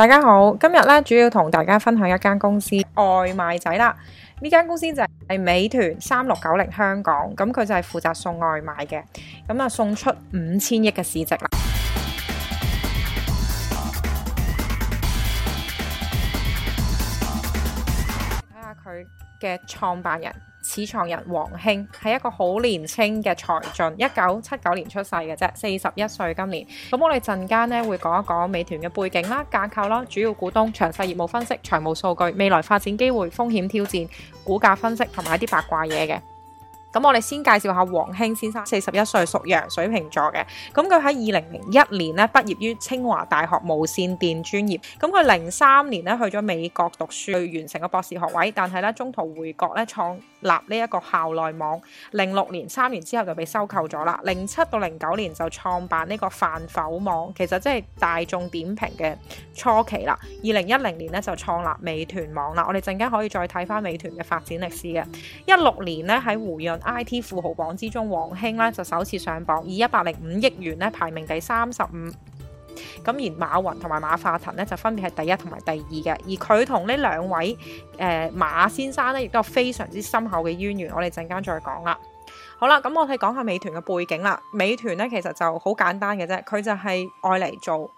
大家好，今日咧主要同大家分享一間公司外賣仔啦，呢間公司就係美團三六九零香港，咁佢就係負責送外賣嘅，咁啊送出五千億嘅市值啦。睇下佢嘅創辦人。始創人王興係一個好年輕嘅才俊，一九七九年出世嘅啫，四十一歲今年。咁我哋陣間咧會講一講美團嘅背景啦、架構啦、主要股東、詳細業務分析、財務數據、未來發展機會、風險挑戰、股價分析同埋一啲八卦嘢嘅。咁我哋先介紹下王興先生，四十一歲，屬羊水，水瓶座嘅。咁佢喺二零零一年咧畢業於清華大學無線電專業。咁佢零三年咧去咗美國讀書，完成個博士學位。但係咧中途回國咧創立呢一個校內網。零六年三年之後就被收購咗啦。零七到零九年就創辦呢個飯否網，其實即係大眾點評嘅初期啦。二零一零年咧就創立美團網啦。我哋陣間可以再睇翻美團嘅發展歷史嘅。一六年咧喺胡潤 I.T. 富豪榜之中，王興咧就首次上榜，以一百零五億元咧排名第三十五。咁而馬雲同埋馬化騰咧就分別係第一同埋第二嘅，而佢同呢兩位誒、呃、馬先生咧亦都有非常之深厚嘅淵源，我哋陣間再講啦。好啦，咁我哋講下美團嘅背景啦。美團咧其實就好簡單嘅啫，佢就係愛嚟做。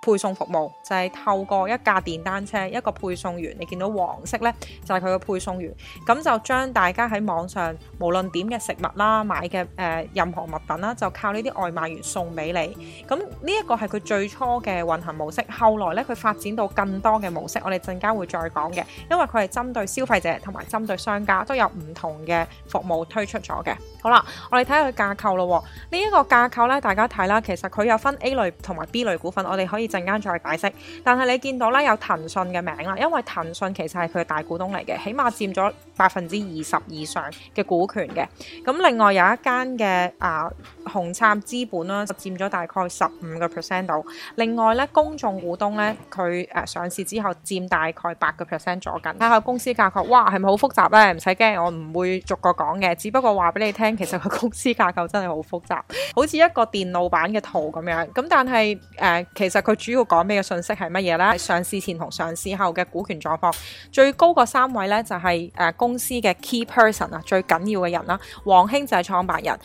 配送服務就係、是、透過一架電單車，一個配送員，你見到黃色呢，就係佢嘅配送員，咁就將大家喺網上無論點嘅食物啦，買嘅誒、呃、任何物品啦，就靠呢啲外賣員送俾你。咁呢一個係佢最初嘅運行模式，後來呢，佢發展到更多嘅模式，我哋陣間會再講嘅，因為佢係針對消費者同埋針對商家都有唔同嘅服務推出咗嘅。好啦，我哋睇下佢架構咯，呢、這、一個架構呢，大家睇啦，其實佢有分 A 類同埋 B 類股份，我哋可以。陣間再解釋，但係你見到咧，有騰訊嘅名啦，因為騰訊其實係佢大股東嚟嘅，起碼佔咗百分之二十以上嘅股權嘅。咁另外有一間嘅啊，紅杉資本啦，佔咗大概十五個 percent 度。另外咧，公眾股東咧，佢誒、呃、上市之後佔大概八個 percent 左右。睇下公司架構，哇，係咪好複雜咧？唔使驚，我唔會逐個講嘅，只不過話俾你聽，其實個公司架構真係好複雜，好似一個電腦版嘅圖咁樣。咁但係誒、呃，其實佢主要講咩嘅信息係乜嘢呢？上市前同上市後嘅股權狀況，最高嗰三位呢，就係、是、誒、呃、公司嘅 key person 啊，最緊要嘅人啦，王興就係創辦人。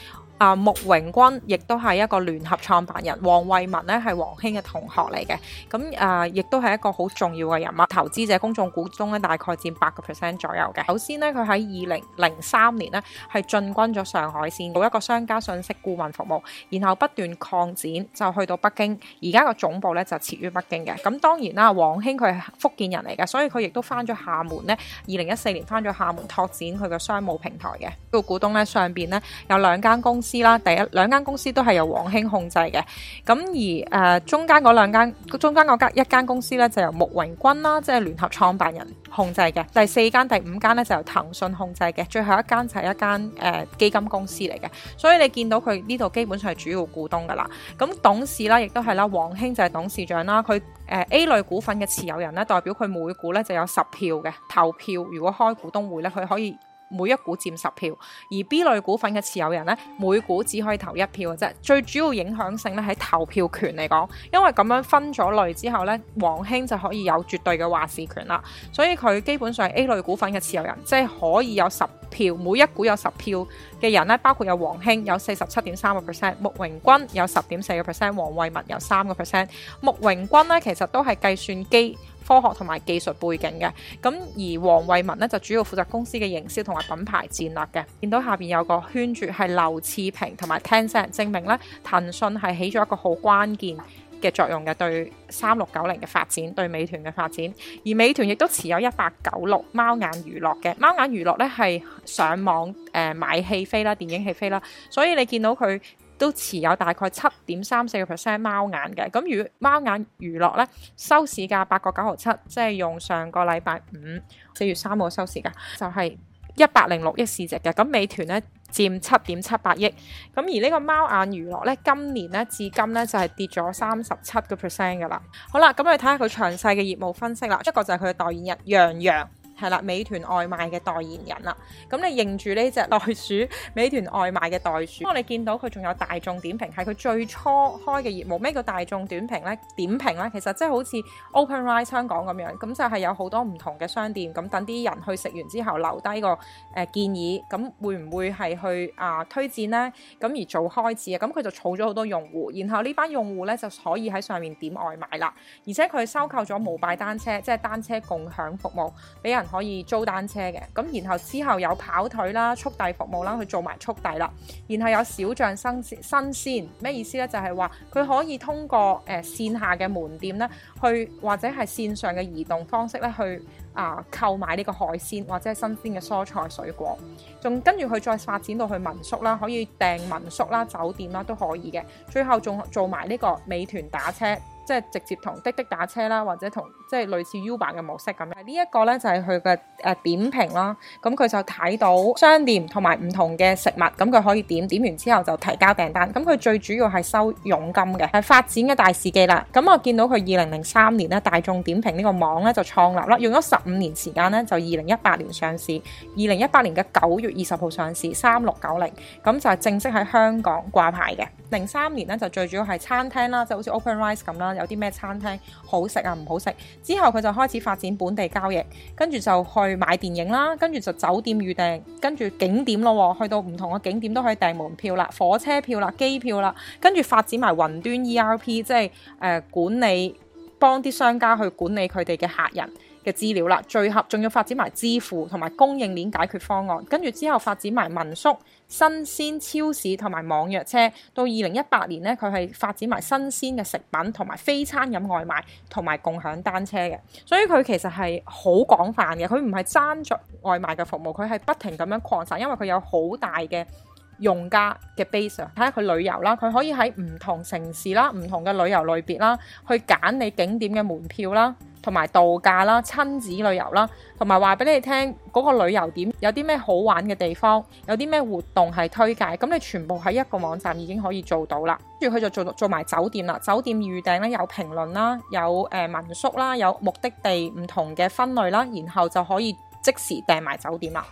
啊，穆榮君亦都係一個聯合創辦人，王慧文咧係王興嘅同學嚟嘅，咁啊亦都係一個好重要嘅人物。投資者、公眾股東咧大概佔八個 percent 左右嘅。首先咧，佢喺二零零三年咧係進軍咗上海線，做一個商家信息顧問服務，然後不斷擴展，就去到北京，而家個總部咧就設於北京嘅。咁當然啦，王興佢係福建人嚟嘅，所以佢亦都返咗廈門咧。二零一四年返咗廈門拓展佢嘅商務平台嘅。個股東咧上邊咧有兩間公司。啦，第一兩間公司都係由王興控制嘅，咁而誒中間嗰兩間，中間嗰一間公司咧就由穆榮均啦，即係聯合創辦人控制嘅。第四間、第五間咧就由騰訊控制嘅，最後一間就係一間誒、呃、基金公司嚟嘅。所以你見到佢呢度基本上係主要股東噶啦，咁董事啦亦都係啦，王興就係董事長啦，佢誒、呃、A 類股份嘅持有人咧，代表佢每股咧就有十票嘅投票，如果開股東會咧，佢可以。每一股佔十票，而 B 類股份嘅持有人咧，每股只可以投一票嘅啫。最主要影響性咧喺投票權嚟講，因為咁樣分咗類之後咧，王興就可以有絕對嘅話事權啦。所以佢基本上 A 類股份嘅持有人，即係可以有十票，每一股有十票嘅人咧，包括有王興有四十七點三個 percent，穆榮君有十點四個 percent，王慧文有三個 percent。穆榮君咧其實都係計算機。科學同埋技術背景嘅，咁而王慧文呢，就主要負責公司嘅營銷同埋品牌戰略嘅。見到下邊有個圈住係劉熾平同埋 Tencent，證明咧騰訊係起咗一個好關鍵嘅作用嘅，對三六九零嘅發展，對美團嘅發展。而美團亦都持有一八九六貓眼娛樂嘅，貓眼娛樂咧係上網誒、呃、買戲飛啦、電影戲飛啦，所以你見到佢。都持有大概七點三四個 percent 貓眼嘅。咁如貓眼娛樂咧收市價八個九毫七，即係用上個禮拜五四月三號收市價就係一百零六億市值嘅。咁美團咧佔七點七八億咁而呢個貓眼娛樂咧今年咧至今咧就係、是、跌咗三十七個 percent 噶啦。好啦，咁你睇下佢詳細嘅業務分析啦。一個就係佢嘅代言人楊洋。羊羊係啦，美團外賣嘅代言人啦。咁你認住呢隻袋鼠，美團外賣嘅袋鼠。咁我哋見到佢仲有大眾點評，係佢最初開嘅業務。咩叫大眾點評呢？點評呢？其實即係好似 OpenRice 香港咁樣，咁就係有好多唔同嘅商店，咁等啲人去食完之後留低個誒、呃、建議，咁會唔會係去啊、呃、推薦呢？咁而做開始啊，咁佢就儲咗好多用戶，然後呢班用戶呢，就可以喺上面點外賣啦。而且佢收購咗摩拜單車，即係單車共享服務，俾人。可以租單車嘅，咁然後之後有跑腿啦、速遞服務啦，去做埋速遞啦。然後有小象生、生鮮，新鮮咩意思呢？就係話佢可以通過誒、呃、線下嘅門店呢，去或者係線上嘅移動方式呢，去啊、呃、購買呢個海鮮或者係新鮮嘅蔬菜水果。仲跟住佢再發展到去民宿啦，可以訂民宿啦、酒店啦都可以嘅。最後仲做埋呢個美團打車。即係直接同滴滴打車啦，或者同即係類似 Uber 嘅模式咁樣。呢、這、一個呢，就係佢嘅誒點評啦，咁、嗯、佢就睇到商店同埋唔同嘅食物，咁、嗯、佢可以點點完之後就提交訂單。咁、嗯、佢最主要係收佣金嘅，係發展嘅大事機啦。咁、嗯、我見到佢二零零三年呢，大眾點評呢個網呢就創立啦，用咗十五年時間呢，就二零一八年上市，二零一八年嘅九月二十號上市三六九零，咁、嗯、就係、是、正式喺香港掛牌嘅。零三年呢，就最主要係餐廳啦，就好似 OpenRice 咁啦。有啲咩餐廳好食啊，唔好食。之後佢就開始發展本地交易，跟住就去買電影啦，跟住就酒店預訂，跟住景點咯，去到唔同嘅景點都可以訂門票啦、火車票啦、機票啦。跟住發展埋雲端 ERP，即係誒、呃、管理，幫啲商家去管理佢哋嘅客人嘅資料啦。聚合仲要發展埋支付同埋供應鏈解決方案。跟住之後發展埋民宿。新鮮超市同埋網約車，到二零一八年呢，佢係發展埋新鮮嘅食品同埋非餐飲外賣同埋共享單車嘅，所以佢其實係好廣泛嘅，佢唔係爭着外賣嘅服務，佢係不停咁樣擴散，因為佢有好大嘅用家嘅 base。睇下佢旅遊啦，佢可以喺唔同城市啦、唔同嘅旅遊類別啦，去揀你景點嘅門票啦。同埋度假啦、親子旅遊啦，同埋話俾你聽嗰個旅遊點有啲咩好玩嘅地方，有啲咩活動係推介，咁你全部喺一個網站已經可以做到啦。跟住佢就做做埋酒店啦，酒店預訂咧有評論啦，有誒民宿啦，有目的地唔同嘅分類啦，然後就可以即時訂埋酒店啦。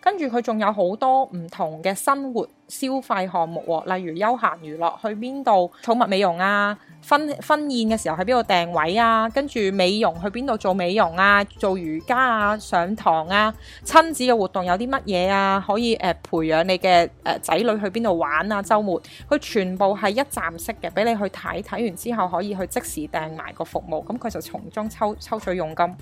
跟住佢仲有好多唔同嘅生活消費項目，例如休閒娛樂，去邊度、寵物美容啊、婚婚宴嘅時候喺邊度訂位啊，跟住美容去邊度做美容啊、做瑜伽啊、上堂啊、親子嘅活動有啲乜嘢啊，可以誒、呃、培養你嘅誒仔女去邊度玩啊，週末佢全部係一站式嘅，俾你去睇，睇完之後可以去即時訂埋個服務，咁佢就從中抽抽取佣金。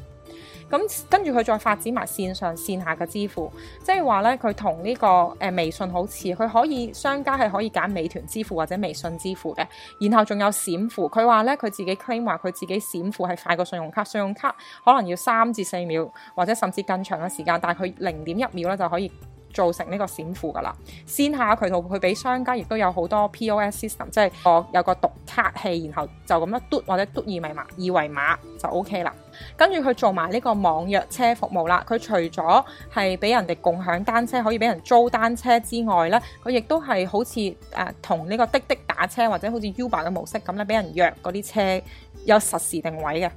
咁跟住佢再發展埋線上線下嘅支付，即係話呢，佢同呢個誒、呃、微信好似，佢可以商家係可以揀美團支付或者微信支付嘅，然後仲有閃付。佢話呢，佢自己 claim 話佢自己閃付係快過信用卡，信用卡可能要三至四秒或者甚至更長嘅時間，但係佢零點一秒呢就可以做成呢個閃付㗎啦。線下渠道佢俾商家亦都有好多 POS system，即係個有個讀卡器，然後就咁樣嘟，或者嘟二維碼，二維碼就 OK 啦。跟住佢做埋呢個網約車服務啦，佢除咗係俾人哋共享單車可以俾人租單車之外呢，佢亦都係好似誒、呃、同呢個滴滴打車或者好似 Uber 嘅模式咁咧，俾人約嗰啲車有實時定位嘅。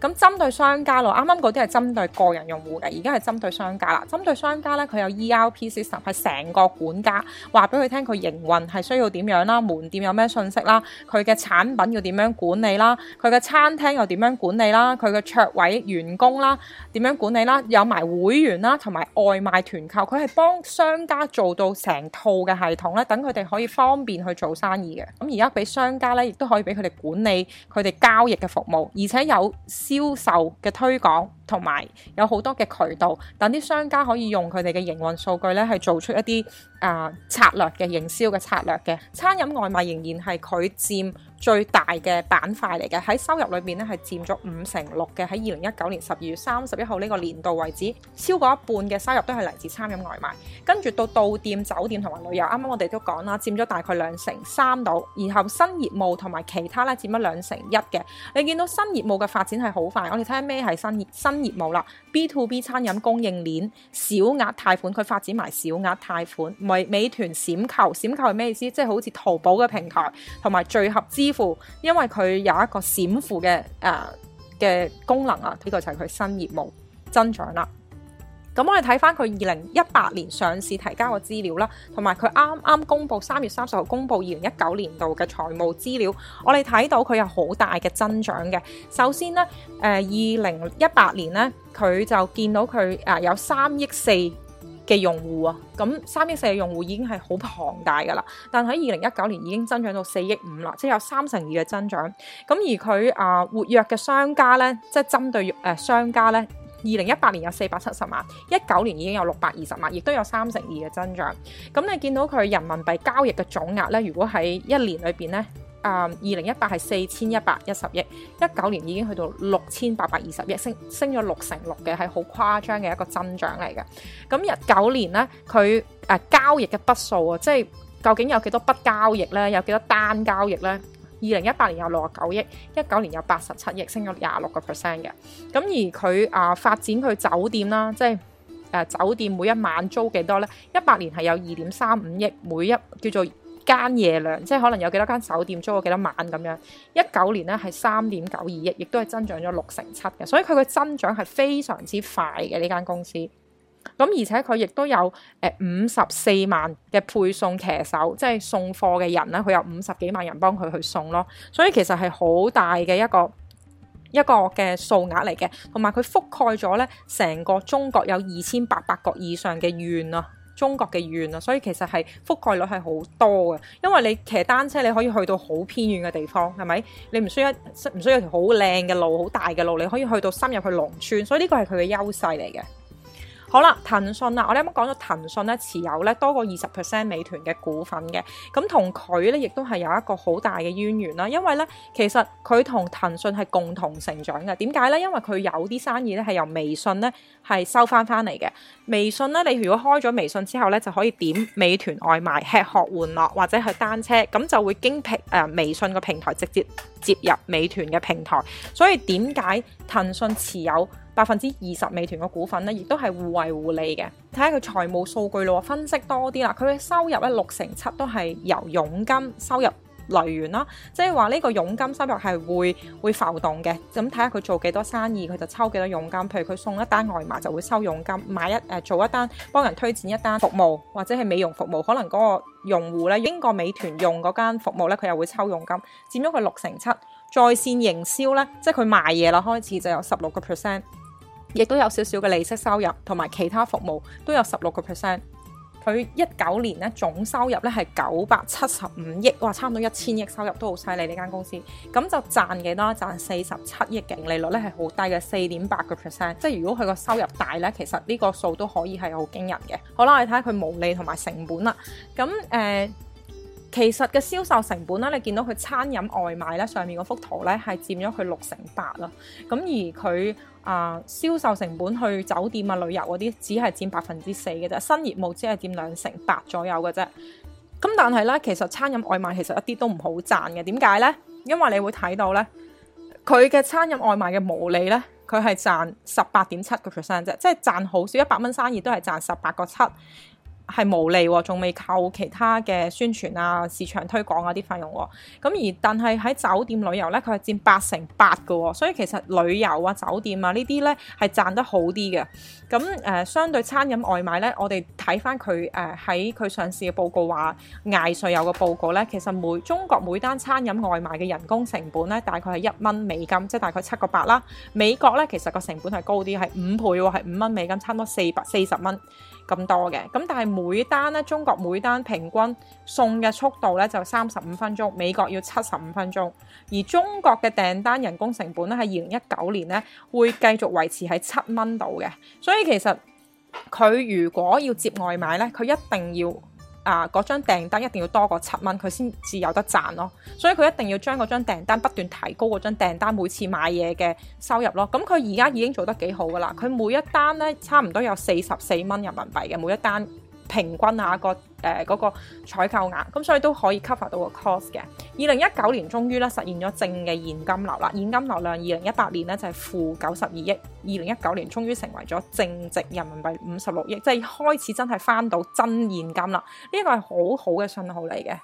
咁針對商家咯，啱啱嗰啲係針對個人用戶嘅，而家係針對商家啦。針對商家咧，佢有 ERP system 係成個管家，話俾佢聽佢營運係需要點樣啦，門店有咩信息啦，佢嘅產品要點樣管理啦，佢嘅餐廳又點樣管理啦，佢嘅桌位員工啦點樣管理啦，有埋會員啦同埋外賣團購，佢係幫商家做到成套嘅系統咧，等佢哋可以方便去做生意嘅。咁而家俾商家咧，亦都可以俾佢哋管理佢哋交易嘅服務，而且有。銷售嘅推廣。同埋有好多嘅渠道，等啲商家可以用佢哋嘅營運數據咧，係做出一啲啊、呃、策略嘅營銷嘅策略嘅。餐飲外賣仍然係佢佔最大嘅板塊嚟嘅，喺收入裏邊咧係佔咗五成六嘅。喺二零一九年十二月三十一號呢個年度為止，超過一半嘅收入都係嚟自餐飲外賣，跟住到到店酒店同埋旅遊啱啱我哋都講啦，佔咗大概兩成三度，然後新業務同埋其他咧佔咗兩成一嘅。你見到新業務嘅發展係好快，我哋睇下咩係新新。業務啦，B to B 餐飲供應鏈，小額貸款，佢發展埋小額貸款，唔係美團閃購，閃購係咩意思？即係好似淘寶嘅平台，同埋聚合支付，因為佢有一個閃付嘅誒嘅功能啊，呢個就係佢新業務增長啦。咁我哋睇翻佢二零一八年上市提交嘅資料啦，同埋佢啱啱公布三月三十號公布二零一九年度嘅財務資料，我哋睇到佢有好大嘅增長嘅。首先呢，誒二零一八年呢，佢就見到佢啊、呃、有三億四嘅用戶啊，咁三億四嘅用戶已經係好龐大噶啦。但喺二零一九年已經增長到四億五啦，即係有三成二嘅增長。咁而佢啊、呃、活躍嘅商家呢，即係針對誒、呃、商家呢。二零一八年有四百七十萬，一九年已經有六百二十萬，亦都有三成二嘅增長。咁你見到佢人民幣交易嘅總額呢？如果喺一年裏邊呢，誒、嗯，二零一八係四千一百一十億，一九年已經去到六千八百二十億，升升咗六成六嘅，係好誇張嘅一個增長嚟嘅。咁一九年呢，佢誒、呃、交易嘅筆數啊，即係究竟有幾多筆交易呢？有幾多單交易呢？二零一八年有六十九億，一九年有八十七億，升咗廿六個 percent 嘅。咁而佢啊、呃、發展佢酒店啦，即係誒、呃、酒店每一晚租幾多呢？一八年係有二點三五億，每一叫做間夜量，即係可能有幾多間酒店租咗幾多晚咁樣。一九年呢係三點九二億，亦都係增長咗六成七嘅。所以佢嘅增長係非常之快嘅呢間公司。咁而且佢亦都有誒五十四萬嘅配送騎手，即係送貨嘅人啦。佢有五十幾萬人幫佢去送咯，所以其實係好大嘅一個一個嘅數額嚟嘅。同埋佢覆蓋咗咧成個中國有二千八百個以上嘅縣啊，中國嘅縣啊，所以其實係覆蓋率係好多嘅。因為你騎單車你可以去到好偏遠嘅地方，係咪？你唔需要唔需要條好靚嘅路、好大嘅路，你可以去到深入去農村，所以呢個係佢嘅優勢嚟嘅。好啦，騰訊啦，我哋啱啱講咗騰訊咧持有咧多過二十 percent 美團嘅股份嘅，咁同佢咧亦都係有一個好大嘅淵源啦。因為咧其實佢同騰訊係共同成長嘅。點解咧？因為佢有啲生意咧係由微信咧係收翻翻嚟嘅。微信咧，你如果開咗微信之後咧，就可以點美團外賣、吃喝玩樂或者係單車，咁就會經平誒、呃、微信個平台直接。接入美團嘅平台，所以點解騰訊持有百分之二十美團嘅股份呢？亦都係互惠互利嘅。睇下佢財務數據咯，分析多啲啦。佢嘅收入咧六成七都係由佣金收入。來源啦，即係話呢個佣金收入係會會浮動嘅，咁睇下佢做幾多生意，佢就抽幾多佣金。譬如佢送一單外賣就會收佣金，買一誒做一單幫人推薦一單服務，或者係美容服務，可能嗰個用戶咧經過美團用嗰間服務咧，佢又會抽佣金。佔咗佢六成七，在線營銷咧，即係佢賣嘢啦，開始就有十六個 percent，亦都有少少嘅利息收入，同埋其他服務都有十六個 percent。佢一九年咧總收入咧係九百七十五億，哇，差唔多一千億收入都好犀利呢間公司。咁就賺幾多？賺四十七億，盈利率咧係好低嘅四點八個 percent。即係如果佢個收入大咧，其實呢個數都可以係好驚人嘅。好啦，我睇下佢毛利同埋成本啦。咁、嗯、誒，其實嘅銷售成本啦，你見到佢餐飲外賣咧上面嗰幅圖咧係佔咗佢六成八咯。咁而佢啊，銷售成本去酒店啊、旅遊嗰啲，只係佔百分之四嘅啫，新業務只係佔兩成八左右嘅啫。咁但係咧，其實餐飲外賣其實一啲都唔好賺嘅，點解呢？因為你會睇到呢，佢嘅餐飲外賣嘅毛利呢，佢係賺十八點七個 percent 啫，即係賺好少一百蚊生意都係賺十八個七。係無利喎、哦，仲未扣其他嘅宣傳啊、市場推廣啊啲費用喎、哦。咁而但係喺酒店旅遊呢，佢係佔八成八嘅、哦，所以其實旅遊啊、酒店啊呢啲呢係賺得好啲嘅。咁誒、呃，相對餐飲外賣呢，我哋睇翻佢誒喺佢上市嘅報告話，艾瑞有個報告呢，其實每中國每單餐飲外賣嘅人工成本呢，大概係一蚊美金，即係大概七個八啦。美國呢，其實個成本係高啲，係五倍喎、哦，係五蚊美金，差唔多四百四十蚊。咁多嘅，咁但係每單咧，中國每單平均送嘅速度咧就三十五分鐘，美國要七十五分鐘。而中國嘅訂單人工成本咧喺二零一九年咧會繼續維持喺七蚊度嘅，所以其實佢如果要接外賣咧，佢一定要。啊！嗰張訂單一定要多過七蚊，佢先至有得賺咯。所以佢一定要將嗰張訂單不斷提高，嗰張訂單，每次買嘢嘅收入咯。咁佢而家已經做得幾好㗎喇，佢每一單呢，差唔多有四十四蚊人民幣嘅每一單。平均下個誒嗰個採購額，咁所以都可以 cover 到個 cost 嘅。二零一九年終於咧實現咗正嘅現金流啦，現金流量二零一八年咧就係負九十二億，二零一九年終於成為咗正值人民幣五十六億，即係開始真係翻到真現金啦。呢一個係好好嘅信號嚟嘅。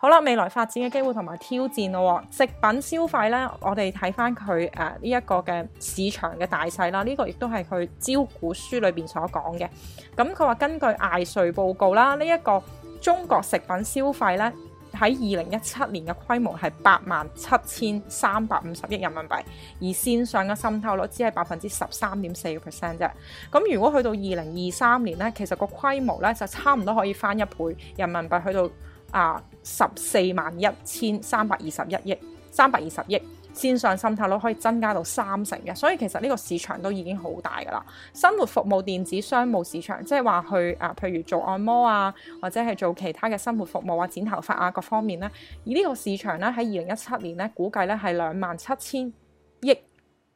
好啦，未來發展嘅機會同埋挑戰咯、哦。食品消費咧，我哋睇翻佢誒呢一個嘅市場嘅大細啦。呢、這個亦都係佢招股書裏邊所講嘅。咁佢話根據艾瑞報告啦，呢、這、一個中國食品消費咧喺二零一七年嘅規模係八萬七千三百五十億人民幣，而線上嘅滲透率只係百分之十三點四個 percent 啫。咁、嗯、如果去到二零二三年咧，其實個規模咧就差唔多可以翻一倍，人民幣去到。啊！十四萬一千三百二十一億，三百二十億，線上滲透率可以增加到三成嘅，所以其實呢個市場都已經好大噶啦。生活服務電子商務市場，即係話去啊，譬如做按摩啊，或者係做其他嘅生活服務啊、剪頭髮啊各方面呢。而呢個市場咧喺二零一七年咧，估計咧係兩萬七千億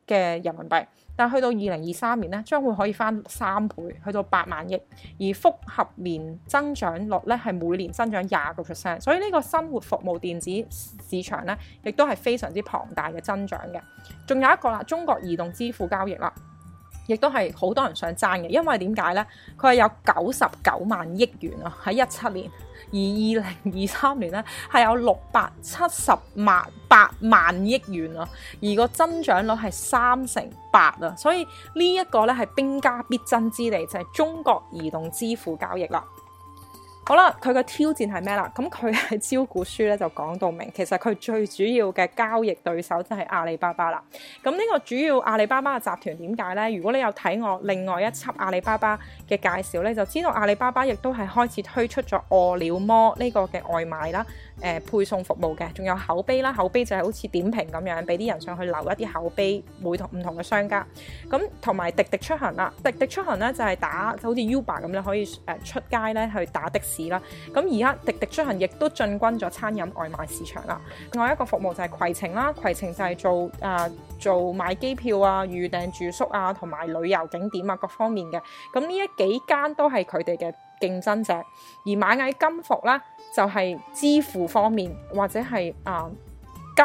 嘅人民幣。但去到二零二三年咧，將會可以翻三倍，去到八萬億，而複合年增長率咧係每年增長廿個 percent，所以呢個生活服務電子市場咧，亦都係非常之龐大嘅增長嘅。仲有一個啦，中國移動支付交易啦，亦都係好多人想爭嘅，因為點解咧？佢係有九十九萬億元啊，喺一七年。而二零二三年咧，係有六百七十萬八萬億元咯，而個增長率係三成八啊，所以呢一個咧係兵家必爭之地，就係、是、中國移動支付交易啦。好啦，佢嘅挑戰係咩啦？咁佢喺招股書咧就講到明，其實佢最主要嘅交易對手就係阿里巴巴啦。咁呢個主要阿里巴巴嘅集團點解咧？如果你有睇我另外一輯阿里巴巴嘅介紹咧，就知道阿里巴巴亦都係開始推出咗餓了麼呢個嘅外賣啦，誒、呃、配送服務嘅，仲有口碑啦，口碑就係好似點評咁樣，俾啲人上去留一啲口碑，每同唔同嘅商家。咁同埋滴滴出行啦，滴滴出行咧就係打，就好似 Uber 咁樣可以誒出街咧去打的士。啦，咁而家滴滴出行亦都進軍咗餐飲外賣市場啦。另外一個服務就係携程啦，携程就係做誒、呃、做買機票啊、預訂住宿啊、同埋旅遊景點啊各方面嘅。咁呢一幾間都係佢哋嘅競爭者。而螞蟻金服呢，就係、是、支付方面或者係啊、呃、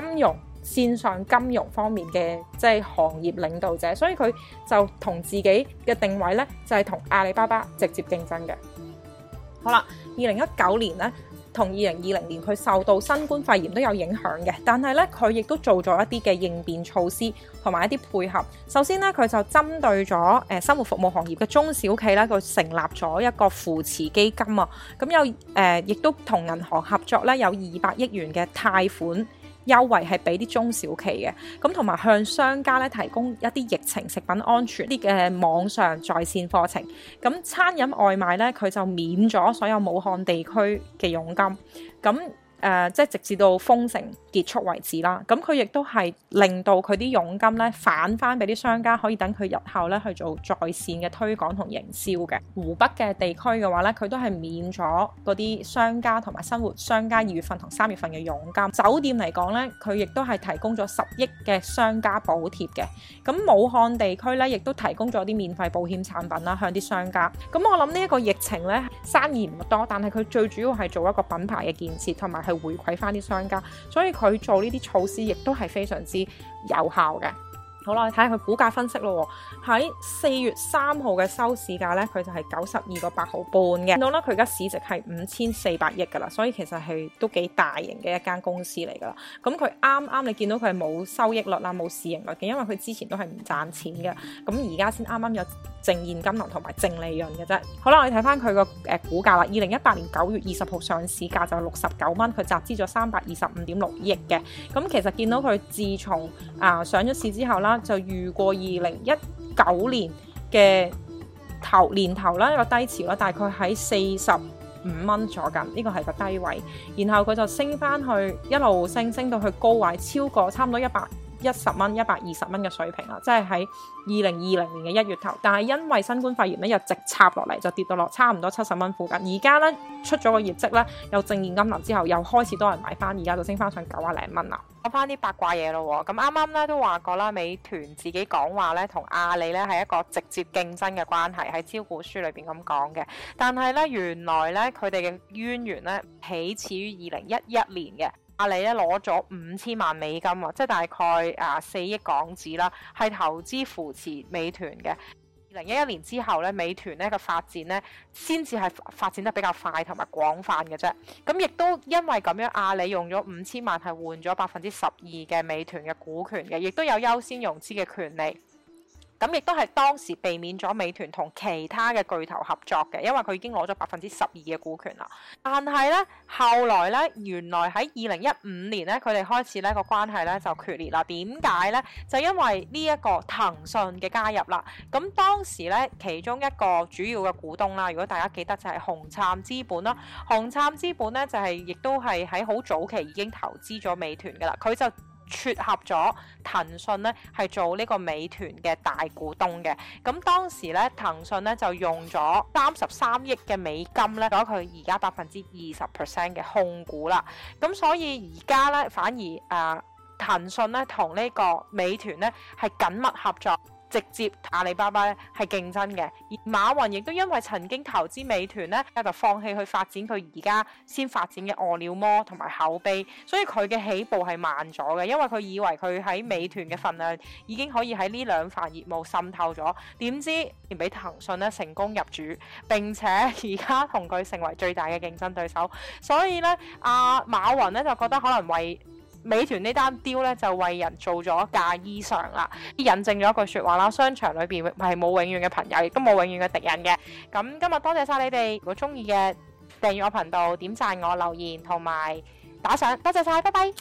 金融綫上金融方面嘅即係行業領導者，所以佢就同自己嘅定位呢，就係、是、同阿里巴巴直接競爭嘅。好啦。二零一九年咧，同二零二零年，佢受到新冠肺炎都有影響嘅，但係咧佢亦都做咗一啲嘅應變措施同埋一啲配合。首先咧，佢就針對咗誒、呃、生活服務行業嘅中小企咧，佢成立咗一個扶持基金啊。咁有誒，亦都同銀行合作咧，有二百億元嘅貸款。優惠係俾啲中小企嘅，咁同埋向商家呢提供一啲疫情食品安全呢嘅網上在線課程，咁餐飲外賣呢佢就免咗所有武漢地區嘅佣金，咁誒即係直至到封城。結束為止啦，咁佢亦都係令到佢啲佣金咧返翻俾啲商家，可以等佢日後咧去做在線嘅推廣同營銷嘅。湖北嘅地區嘅話咧，佢都係免咗嗰啲商家同埋生活商家二月份同三月份嘅佣金。酒店嚟講咧，佢亦都係提供咗十億嘅商家補貼嘅。咁武漢地區咧，亦都提供咗啲免費保險產品啦，向啲商家。咁、嗯、我諗呢一個疫情咧，生意唔多，但係佢最主要係做一個品牌嘅建設同埋係回饋翻啲商家，所以佢去做呢啲措施，亦都係非常之有效嘅。好啦，睇下佢股價分析咯。喺四月三號嘅收市價呢，佢就係九十二個八毫半嘅。見到啦，佢而家市值係五千四百億噶啦，所以其實係都幾大型嘅一間公司嚟噶啦。咁佢啱啱你見到佢係冇收益率啦，冇市盈率嘅，因為佢之前都係唔賺錢嘅。咁而家先啱啱有。淨現金流同埋淨利潤嘅啫，好啦，我哋睇翻佢個誒股價啦。二零一八年九月二十號上市價就六十九蚊，佢集資咗三百二十五點六億嘅。咁、嗯、其實見到佢自從啊、呃、上咗市之後啦，就遇過二零一九年嘅頭年頭啦，一個低潮啦，大概喺四十五蚊左右，呢、這個係個低位。然後佢就升翻去，一路升，升到去高位，超過差唔多一百。一十蚊、一百二十蚊嘅水平啦，即係喺二零二零年嘅一月頭，但係因為新冠肺炎咧又直插落嚟，就跌到落差唔多七十蚊附近。而家咧出咗個業績咧，有正現金流之後，又開始多人買翻，而家就升翻上九啊零蚊啦。講翻啲八卦嘢咯，咁啱啱咧都話過啦，美團自己講話咧同阿里咧係一個直接競爭嘅關係，喺招股書裏邊咁講嘅。但係咧原來咧佢哋嘅淵源咧起始於二零一一年嘅。阿里咧攞咗五千萬美金，即係大概啊四億港紙啦，係投資扶持美團嘅。二零一一年之後咧，美團咧嘅發展咧，先至係發展得比較快同埋廣泛嘅啫。咁亦都因為咁樣，阿里用咗五千萬係換咗百分之十二嘅美團嘅股權嘅，亦都有優先融資嘅權利。咁亦都係當時避免咗美團同其他嘅巨頭合作嘅，因為佢已經攞咗百分之十二嘅股權啦。但係呢，後來呢，原來喺二零一五年呢，佢哋開始呢、呢個關係呢就決裂啦。點解呢？就因為呢一個騰訊嘅加入啦。咁當時呢，其中一個主要嘅股東啦，如果大家記得就係紅杉資本啦。紅杉資本呢，就係、是、亦都係喺好早期已經投資咗美團㗎啦。佢就撮合咗騰訊咧係做呢個美團嘅大股東嘅。咁當時咧騰訊咧就用咗三十三億嘅美金咧攞佢而家百分之二十 percent 嘅控股啦，咁所以而家咧反而誒、呃、騰訊咧同呢個美團咧係緊密合作。直接阿里巴巴咧係競爭嘅，而馬雲亦都因為曾經投資美團咧，就放棄去發展佢而家先發展嘅餓了麼同埋口碑，所以佢嘅起步係慢咗嘅，因為佢以為佢喺美團嘅份量已經可以喺呢兩範業務滲透咗，點知俾騰訊咧成功入主，並且而家同佢成為最大嘅競爭對手，所以咧阿、啊、馬雲咧就覺得可能為。美團呢單雕呢，就為人做咗嫁衣裳啦，引證咗一句說話啦，商場裏邊係冇永遠嘅朋友，亦都冇永遠嘅敵人嘅。咁今日多謝晒你哋，如果中意嘅訂閱我頻道、點讚我留言同埋打賞，多謝晒，拜拜。